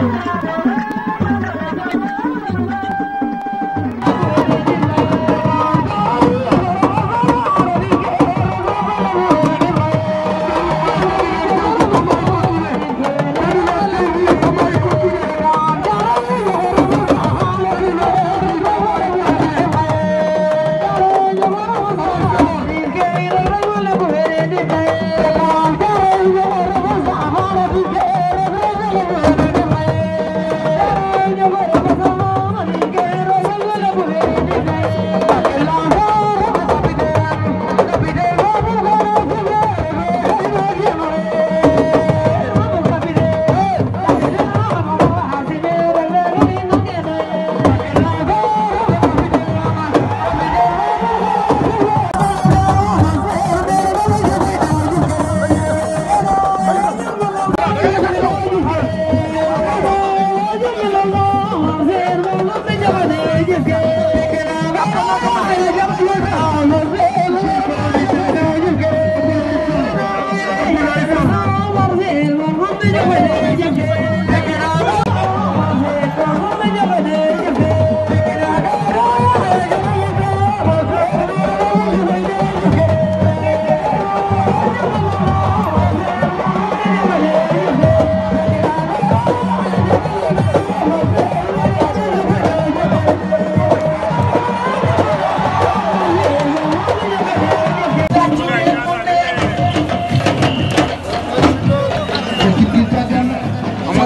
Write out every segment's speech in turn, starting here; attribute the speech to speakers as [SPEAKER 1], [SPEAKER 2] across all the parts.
[SPEAKER 1] Thank you.
[SPEAKER 2] Thank you.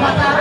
[SPEAKER 3] Mata